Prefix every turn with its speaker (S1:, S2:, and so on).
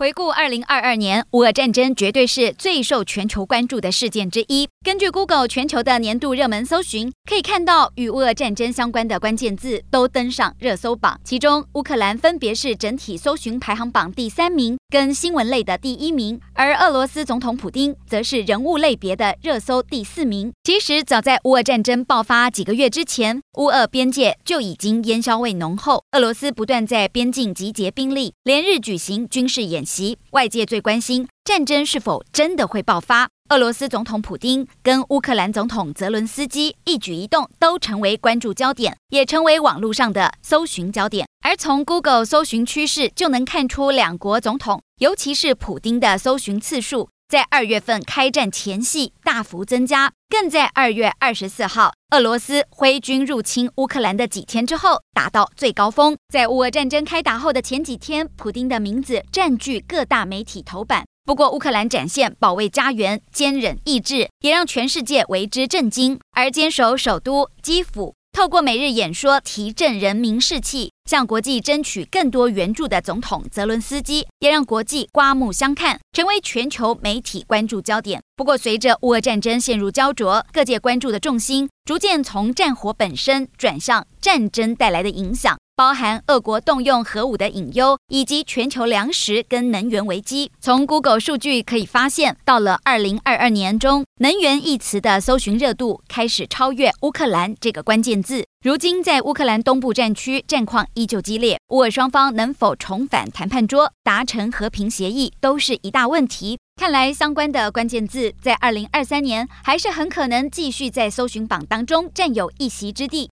S1: 回顧二零二二年，烏俄戰爭絕對是最受全球關注的事件之一。根據 Google 全球的年度熱門搜尋，可以看到與烏俄戰爭相關的關鍵字都登上熱搜榜。其中，烏克蘭分別是整體搜尋排行榜第三名，跟新聞類的第一名；而俄羅斯總統普丁則是人物類別的熱搜第四名。其實，早在烏俄戰爭爆發幾個月之前，烏俄邊界就已經煙硝味濃厚，俄羅斯不斷在邊境集結兵力，連日舉行軍事演習。外界最關心戰爭是否真的會爆發，俄羅斯總統普丁跟烏克蘭總統澤倫斯基一舉一動都成為關注焦點，也成為網絡上的搜尋焦點。而從 Google 搜尋趨勢就能看出，兩國總統，尤其是普丁的搜尋次數。在二月份開戰前夕大幅增加，更在二月二十四號俄羅斯揮軍入侵烏克蘭的幾天之後達到最高峰。在烏俄戰爭開打後的前幾天，普丁的名字佔據各大媒體頭版。不過，烏克蘭展現保衛家園、堅忍意志，也讓全世界為之震驚。而堅守首都基輔，透過每日演說提振人民士氣，向國際爭取更多援助的總統澤倫斯基，也讓國際刮目相看，成為全球媒體關注焦點。不過，隨着烏俄戰爭陷入膠著，各界關注的重心逐漸從戰火本身轉向戰爭帶來的影響。包含俄國動用核武的隱憂，以及全球糧食跟能源危機。從 Google 數據可以發現，到了2022年中，能源一詞的搜尋熱度開始超越烏克蘭這個關鍵字。如今在烏克蘭東部戰區，戰況依舊激烈，烏俄雙方能否重返談判桌，達成和平協議，都是一大問題。看來相關的關鍵字在2023年，還是很可能繼續在搜尋榜當中佔有一席之地。